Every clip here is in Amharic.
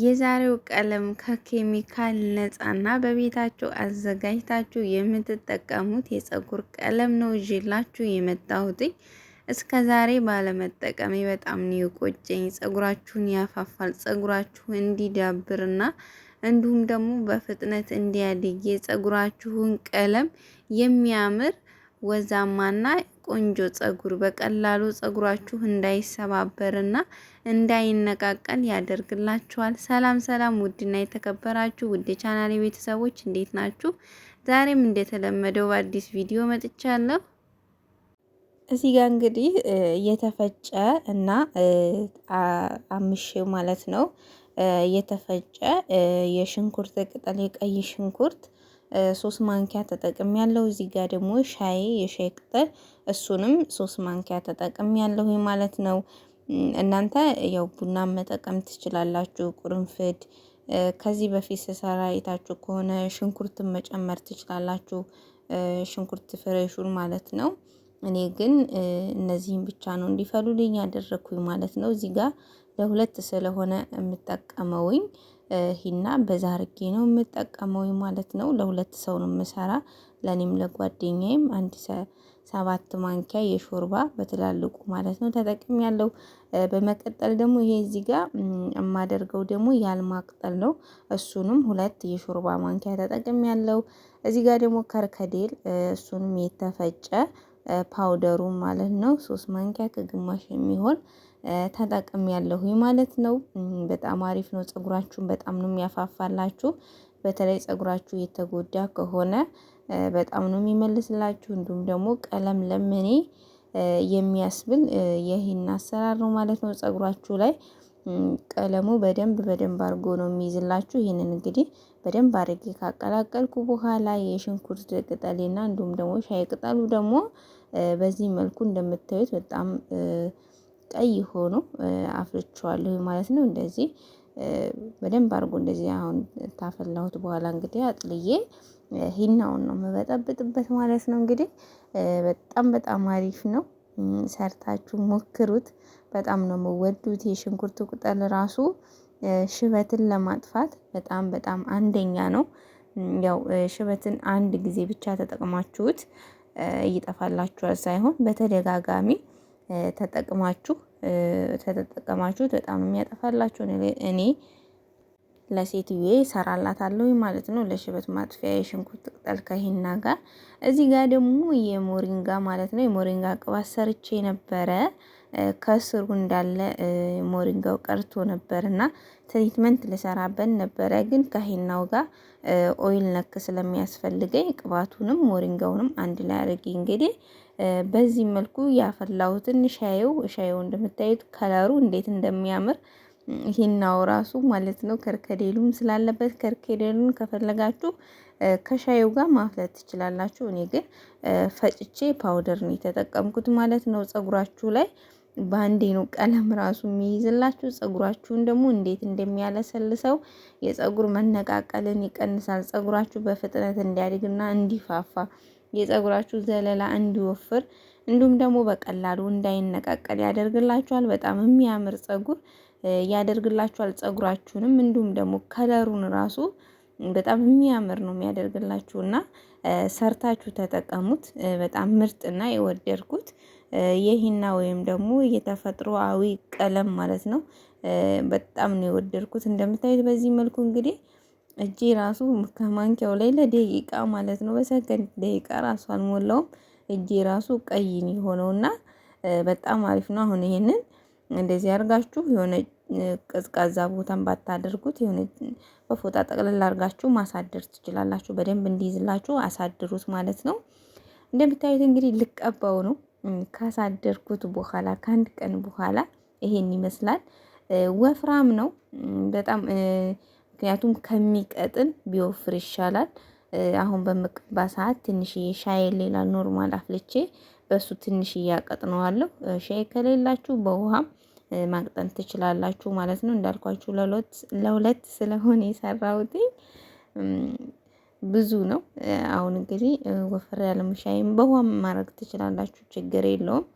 የዛሬው ቀለም ከኬሚካል ነፃና በቤታችሁ አዘጋጅታችሁ የምትጠቀሙት የፀጉር ቀለም ነው ይዤላችሁ የመጣሁት። እስከ ዛሬ ባለመጠቀሜ በጣም ነው የቆጨኝ። ፀጉራችሁን ያፋፋል፣ ፀጉራችሁ እንዲዳብርና እንዲሁም ደግሞ በፍጥነት እንዲያድግ የፀጉራችሁን ቀለም የሚያምር ወዛማና ቆንጆ ጸጉር በቀላሉ ጸጉራችሁ እንዳይሰባበርና እንዳይነቃቀል ያደርግላችኋል። ሰላም ሰላም! ውድና የተከበራችሁ ውድ ቻናል ቤተሰቦች እንዴት ናችሁ? ዛሬም እንደተለመደው በአዲስ ቪዲዮ መጥቻለሁ። እዚህ ጋር እንግዲህ የተፈጨ እና አምሽ ማለት ነው የተፈጨ የሽንኩርት ቅጠል የቀይ ሽንኩርት ሶስት ማንኪያ ተጠቅም ያለው። እዚህ ጋር ደግሞ ሻይ የሻይ ቅጠል እሱንም ሶስት ማንኪያ ተጠቅም ያለሁ ማለት ነው። እናንተ ያው ቡና መጠቀም ትችላላችሁ። ቁርንፍድ ከዚህ በፊት ስሰራ አይታችሁ ከሆነ ሽንኩርትን መጨመር ትችላላችሁ። ሽንኩርት ፍሬሹን ማለት ነው። እኔ ግን እነዚህን ብቻ ነው እንዲፈሉልኝ ያደረግኩኝ ማለት ነው። እዚህ ጋር ለሁለት ስለሆነ የምጠቀመውኝ ሂና በዛ አርጌ ነው የምጠቀመው ማለት ነው። ለሁለት ሰው ነው የምሰራ ለእኔም ለጓደኛዬም አንድ ሰባት ማንኪያ የሾርባ በትላልቁ ማለት ነው ተጠቅም ያለው። በመቀጠል ደግሞ ይሄ እዚህ ጋር የማደርገው ደግሞ ያልማቅጠል ነው። እሱንም ሁለት የሾርባ ማንኪያ ተጠቅም ያለው። እዚህ ጋር ደግሞ ከርከዴል እሱንም የተፈጨ ፓውደሩ ማለት ነው ሶስት ማንኪያ ከግማሽ የሚሆን ተጠቅም ያለሁ ማለት ነው። በጣም አሪፍ ነው። ፀጉራችሁን በጣም ነው የሚያፋፋላችሁ። በተለይ ፀጉራችሁ የተጎዳ ከሆነ በጣም ነው የሚመልስላችሁ። እንዲሁም ደግሞ ቀለም ለምኔ የሚያስብል ይህን አሰራር ነው ማለት ነው። ፀጉራችሁ ላይ ቀለሙ በደንብ በደንብ አድርጎ ነው የሚይዝላችሁ። ይህንን እንግዲህ በደንብ አድርጌ ካቀላቀልኩ በኋላ የሽንኩርት ቅጠሌና እንዲሁም ደግሞ ሻይ ቅጠሉ ደግሞ በዚህ መልኩ እንደምታዩት በጣም ቀይ ሆኖ አፍልቼዋለሁ ማለት ነው። እንደዚህ በደንብ አድርጎ እንደዚህ አሁን ታፈላሁት በኋላ እንግዲህ አጥልዬ ሂናውን ነው የምበጠብጥበት ማለት ነው። እንግዲህ በጣም በጣም አሪፍ ነው። ሰርታችሁ ሞክሩት። በጣም ነው የምወዱት። የሽንኩርት ቅጠል ራሱ ሽበትን ለማጥፋት በጣም በጣም አንደኛ ነው። ያው ሽበትን አንድ ጊዜ ብቻ ተጠቅማችሁት ይጠፋላችኋል ሳይሆን በተደጋጋሚ ተጠቅማችሁ ተጠቀማችሁ በጣም የሚያጠፋላችሁ። እኔ ለሴትዬ ይሰራላታለሁ ማለት ነው፣ ለሽበት ማጥፊያ የሽንኩርት ቅጠል ከሂና ጋር። እዚህ ጋር ደግሞ የሞሪንጋ ማለት ነው የሞሪንጋ ቅባት ሰርቼ ነበረ። ከስሩ እንዳለ ሞሪንጋው ቀርቶ ነበር እና ትሪትመንት ልሰራበት ነበረ። ግን ከሂናው ጋር ኦይል ነክ ስለሚያስፈልገኝ ቅባቱንም ሞሪንጋውንም አንድ ላይ አድርጌ እንግዲህ በዚህ መልኩ ያፈላሁትን ሻየው ሻየው እንደምታዩት ከለሩ እንዴት እንደሚያምር ሂናው ራሱ ማለት ነው። ከርከዴሉም ስላለበት ከርከዴሉን ከፈለጋችሁ ከሻዩ ጋር ማፍለት ትችላላችሁ። እኔ ግን ፈጭቼ ፓውደር ነው የተጠቀምኩት ማለት ነው ፀጉራችሁ ላይ ባንዴ ነው ቀለም ራሱ የሚይዝላችሁ። ፀጉራችሁን ደግሞ እንዴት እንደሚያለሰልሰው የፀጉር መነቃቀልን ይቀንሳል። ፀጉራችሁ በፍጥነት እንዲያድግና እንዲፋፋ የፀጉራችሁ ዘለላ እንዲወፍር እንዲሁም ደግሞ በቀላሉ እንዳይነቃቀል ያደርግላችኋል። በጣም የሚያምር ፀጉር ያደርግላችኋል። ጸጉራችሁንም እንዲሁም ደግሞ ከለሩን ራሱ በጣም የሚያምር ነው የሚያደርግላችሁና ሰርታችሁ ተጠቀሙት። በጣም ምርጥና የወደድኩት የሂና ወይም ደግሞ የተፈጥሮአዊ ቀለም ማለት ነው። በጣም ነው የወደድኩት። እንደምታዩት በዚህ መልኩ እንግዲህ እጄ ራሱ ከማንኪያው ላይ ለደቂቃ ማለት ነው በሰከንድ ደቂቃ ራሱ አልሞላውም እጄ ራሱ ቀይ የሆነውና በጣም አሪፍ ነው። አሁን ይሄንን እንደዚህ አድርጋችሁ የሆነ ቀዝቃዛ ቦታን ባታደርጉት የሆነ በፎጣ ጠቅልል አድርጋችሁ ማሳደር ትችላላችሁ። በደንብ እንዲይዝላችሁ አሳድሩት ማለት ነው። እንደምታዩት እንግዲህ ልቀባው ነው። ካሳደርኩት በኋላ ከአንድ ቀን በኋላ ይሄን ይመስላል። ወፍራም ነው በጣም ምክንያቱም ከሚቀጥን ቢወፍር ይሻላል። አሁን በምቅባ ሰዓት ትንሽዬ ሻይ ሌላ ኖርማል አፍልቼ በሱ ትንሽዬ አቀጥነዋለሁ። ሻይ ከሌላችሁ በውሃም ማቅጠን ትችላላችሁ ማለት ነው። እንዳልኳችሁ ለሁለት ስለሆነ የሰራሁትኝ ብዙ ነው። አሁን እንግዲህ ወፈር ያለ ሙሻይም በውሃም ማድረግ ትችላላችሁ፣ ችግር የለውም።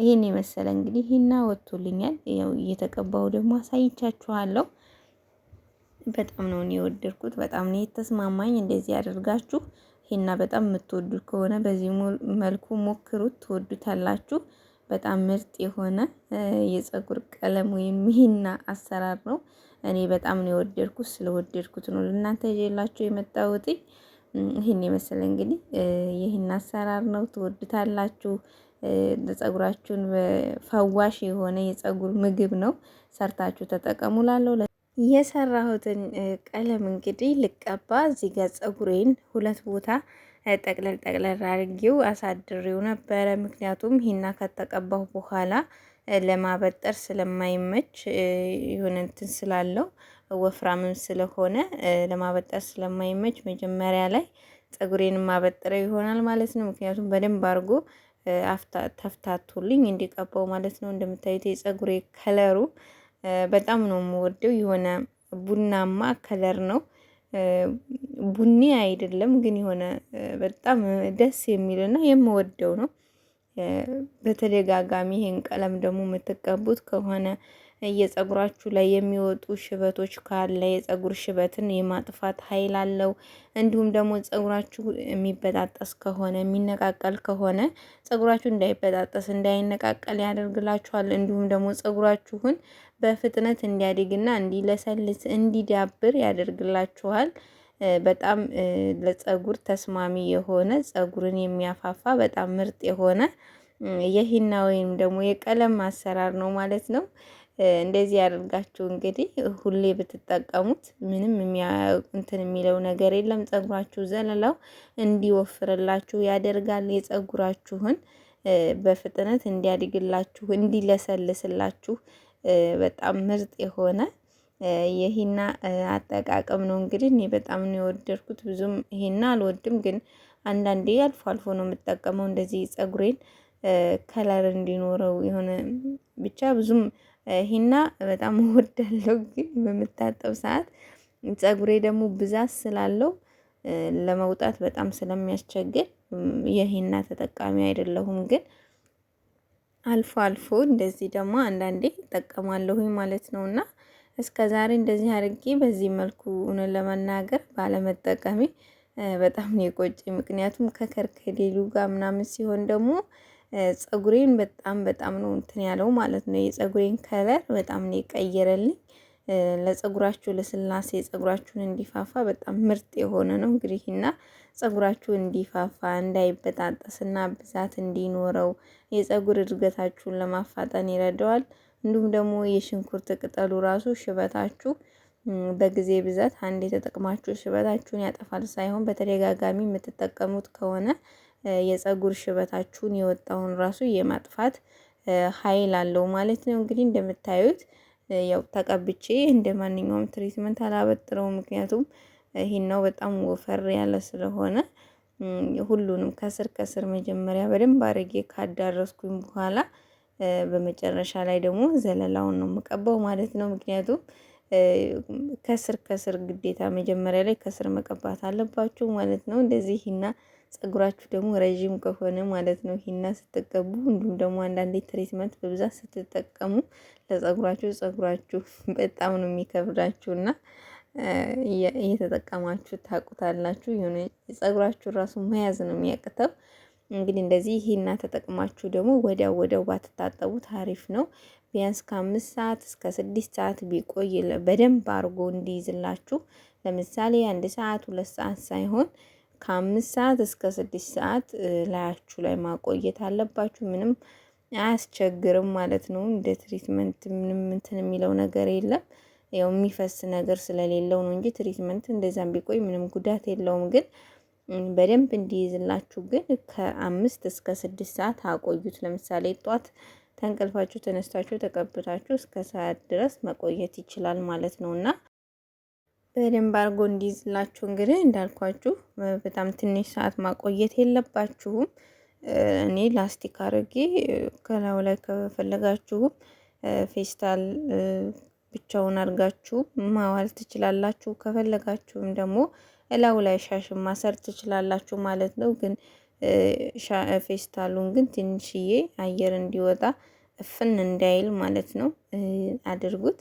ይሄን የመሰለ እንግዲህ ሂና ወጥቶልኛል። ያው እየተቀባው ደግሞ አሳይቻችኋለሁ። በጣም ነው እኔ የወደድኩት፣ በጣም ነው የተስማማኝ። እንደዚህ አድርጋችሁ ሂና በጣም የምትወዱት ከሆነ በዚህ መልኩ ሞክሩት፣ ትወዱታላችሁ። በጣም ምርጥ የሆነ የፀጉር ቀለም ወይም ሂና አሰራር ነው። እኔ በጣም ነው የወደድኩት። ስለወደድኩት ነው ለእናንተ ይዤላችሁ የመጣሁት። ይህን የመሰለ እንግዲህ ይህን አሰራር ነው ትወድታላችሁ። ለጸጉራችሁን ፈዋሽ የሆነ የጸጉር ምግብ ነው። ሰርታችሁ ተጠቀሙላለሁ። የሰራሁትን ቀለም እንግዲህ ልቀባ እዚህ ጋር ጸጉሬን ሁለት ቦታ ጠቅለል ጠቅለል አድርጌው አሳድሬው ነበረ። ምክንያቱም ሂና ከተቀባሁ በኋላ ለማበጠር ስለማይመች የሆነ እንትን ስላለው ወፍራምም ስለሆነ ለማበጠር ስለማይመች መጀመሪያ ላይ ፀጉሬን ማበጠረው ይሆናል ማለት ነው። ምክንያቱም በደንብ አድርጎ ተፍታቶልኝ እንዲቀባው ማለት ነው። እንደምታዩት የፀጉሬ ከለሩ በጣም ነው የምወደው። የሆነ ቡናማ ከለር ነው። ቡኒ አይደለም ግን የሆነ በጣም ደስ የሚልና የምወደው ነው። በተደጋጋሚ ይሄን ቀለም ደግሞ የምትቀቡት ከሆነ የጸጉራችሁ ላይ የሚወጡ ሽበቶች ካለ የጸጉር ሽበትን የማጥፋት ኃይል አለው። እንዲሁም ደግሞ ጸጉራችሁ የሚበጣጠስ ከሆነ የሚነቃቀል ከሆነ ጸጉራችሁ እንዳይበጣጠስ እንዳይነቃቀል ያደርግላችኋል። እንዲሁም ደግሞ ጸጉራችሁን በፍጥነት እንዲያድግና እንዲለሰልስ እንዲዳብር ያደርግላችኋል። በጣም ለፀጉር ተስማሚ የሆነ ፀጉርን የሚያፋፋ በጣም ምርጥ የሆነ የሂና ወይም ደግሞ የቀለም አሰራር ነው ማለት ነው። እንደዚህ ያደርጋችሁ እንግዲህ ሁሌ ብትጠቀሙት ምንም እንትን የሚለው ነገር የለም። ጸጉራችሁ ዘለላው እንዲወፍርላችሁ ያደርጋል። የፀጉራችሁን በፍጥነት እንዲያድግላችሁ፣ እንዲለሰልስላችሁ በጣም ምርጥ የሆነ የሂና አጠቃቀም ነው። እንግዲህ እኔ በጣም ነው የወደድኩት። ብዙም ሂና አልወድም፣ ግን አንዳንዴ አልፎ አልፎ ነው የምጠቀመው። እንደዚህ ጸጉሬን ከለር እንዲኖረው የሆነ ብቻ ብዙም ሂና በጣም እወዳለሁ፣ ግን በምታጠብ ሰዓት ጸጉሬ ደግሞ ብዛት ስላለው ለመውጣት በጣም ስለሚያስቸግር የሂና ተጠቃሚ አይደለሁም። ግን አልፎ አልፎ እንደዚህ ደግሞ አንዳንዴ እጠቀማለሁኝ ማለት ነውና እስከ ዛሬ እንደዚህ አድርጌ በዚህ መልኩ እውነት ለመናገር ባለመጠቀሜ በጣም ነው የቆጨኝ። ምክንያቱም ከከርከዴሉ ጋር ምናምን ሲሆን ደግሞ ፀጉሬን በጣም በጣም ነው እንትን ያለው ማለት ነው። የፀጉሬን ከለር በጣም ነው የቀየረልኝ። ለፀጉራችሁ ለስላሴ ፀጉራችሁን እንዲፋፋ በጣም ምርጥ የሆነ ነው እንግዲህ እና ፀጉራችሁ እንዲፋፋ እንዳይበጣጠስና ብዛት እንዲኖረው የፀጉር እድገታችሁን ለማፋጠን ይረዳዋል። እንዲሁም ደግሞ የሽንኩርት ቅጠሉ ራሱ ሽበታችሁ በጊዜ ብዛት አንዴ ተጠቅማችሁ ሽበታችሁን ያጠፋል ሳይሆን በተደጋጋሚ የምትጠቀሙት ከሆነ የፀጉር ሽበታችሁን የወጣውን ራሱ የማጥፋት ኃይል አለው ማለት ነው። እንግዲህ እንደምታዩት ያው ተቀብቼ እንደ ማንኛውም ትሪትመንት አላበጥረው። ምክንያቱም ነው በጣም ወፈር ያለ ስለሆነ ሁሉንም ከስር ከስር መጀመሪያ በደንብ አድርጌ ካዳረስኩኝ በኋላ በመጨረሻ ላይ ደግሞ ዘለላውን ነው የምቀባው ማለት ነው። ምክንያቱም ከስር ከስር ግዴታ መጀመሪያ ላይ ከስር መቀባት አለባችሁ ማለት ነው። እንደዚህ ሂና ጸጉራችሁ ደግሞ ረዥም ከሆነ ማለት ነው ሂና ስትቀቡ፣ እንዲሁም ደግሞ አንዳንዴ ትሪትመንት በብዛት ስትጠቀሙ ለጸጉራችሁ ጸጉራችሁ በጣም ነው የሚከብዳችሁና እየተጠቀማችሁ ታቁታላችሁ። የሆነ ጸጉራችሁ ራሱ መያዝ ነው የሚያቅተው። እንግዲህ እንደዚህ ይሄና ተጠቅማችሁ ደግሞ ወዲያው ወዲያው ባትታጠቡ አሪፍ ነው። ቢያንስ ከአምስት ሰዓት እስከ ስድስት ሰዓት ቢቆይ በደንብ አድርጎ እንዲይዝላችሁ። ለምሳሌ አንድ ሰዓት ሁለት ሰዓት ሳይሆን ከአምስት ሰዓት እስከ ስድስት ሰዓት ላያችሁ ላይ ማቆየት አለባችሁ። ምንም አያስቸግርም ማለት ነው። እንደ ትሪትመንት ምንም እንትን የሚለው ነገር የለም። ያው የሚፈስ ነገር ስለሌለው ነው እንጂ ትሪትመንት እንደዛም ቢቆይ ምንም ጉዳት የለውም ግን በደንብ እንዲይዝላችሁ ግን ከአምስት እስከ ስድስት ሰዓት አቆዩት። ለምሳሌ ጧት ተንቀልፋችሁ ተነስታችሁ ተቀብታችሁ እስከ ሰዓት ድረስ መቆየት ይችላል ማለት ነው እና በደንብ አድርጎ እንዲይዝላችሁ እንግዲህ እንዳልኳችሁ በጣም ትንሽ ሰዓት ማቆየት የለባችሁም። እኔ ላስቲክ አድርጌ ከላዩ ላይ ከፈለጋችሁም ፌስታል ብቻውን አድርጋችሁ ማዋል ትችላላችሁ። ከፈለጋችሁም ደግሞ እላው ላይ ሻሽን ማሰር ትችላላችሁ ማለት ነው። ግን ፌስታሉን ግን ትንሽዬ አየር እንዲወጣ እፍን እንዳይል ማለት ነው አድርጉት።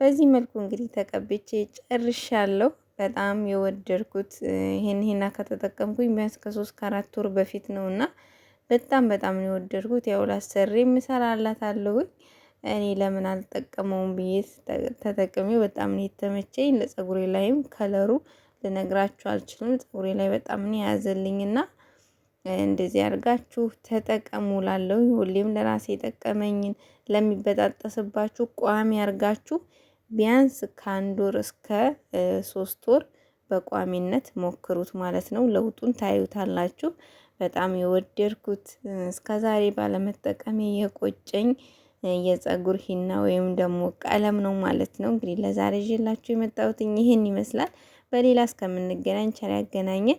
በዚህ መልኩ እንግዲህ ተቀብቼ ጨርሻለሁ። በጣም የወደድኩት ይሄን ሄና ከተጠቀምኩኝ ቢያንስ ከሶስት ከአራት ወር በፊት ነው እና በጣም በጣም ነው የወደድኩት። ያው ላሰሬ እሰራላታለሁ እኔ ለምን አልጠቀመውም ብዬ ተጠቅሜ በጣም ነው የተመቸኝ። ለጸጉሬ ላይም ከለሩ ልነግራችሁ አልችልም። ፀጉሬ ላይ በጣም ነው የያዘልኝና እንደዚህ አድርጋችሁ ተጠቀሙ ላለው ሁሌም ለራሴ የጠቀመኝን ለሚበጣጠስባችሁ ቋሚ አድርጋችሁ ቢያንስ ከአንድ ወር እስከ ሶስት ወር በቋሚነት ሞክሩት ማለት ነው። ለውጡን ታዩታላችሁ። በጣም የወደድኩት ዛሬ ባለመጠቀሜ የቆጨኝ የጸጉር ሂና ወይም ደግሞ ቀለም ነው ማለት ነው። እንግዲህ ለዛሬ ይዤላችሁ የመጣሁት ይህን ይመስላል። በሌላ እስከምንገናኝ ቸር ያገናኘን።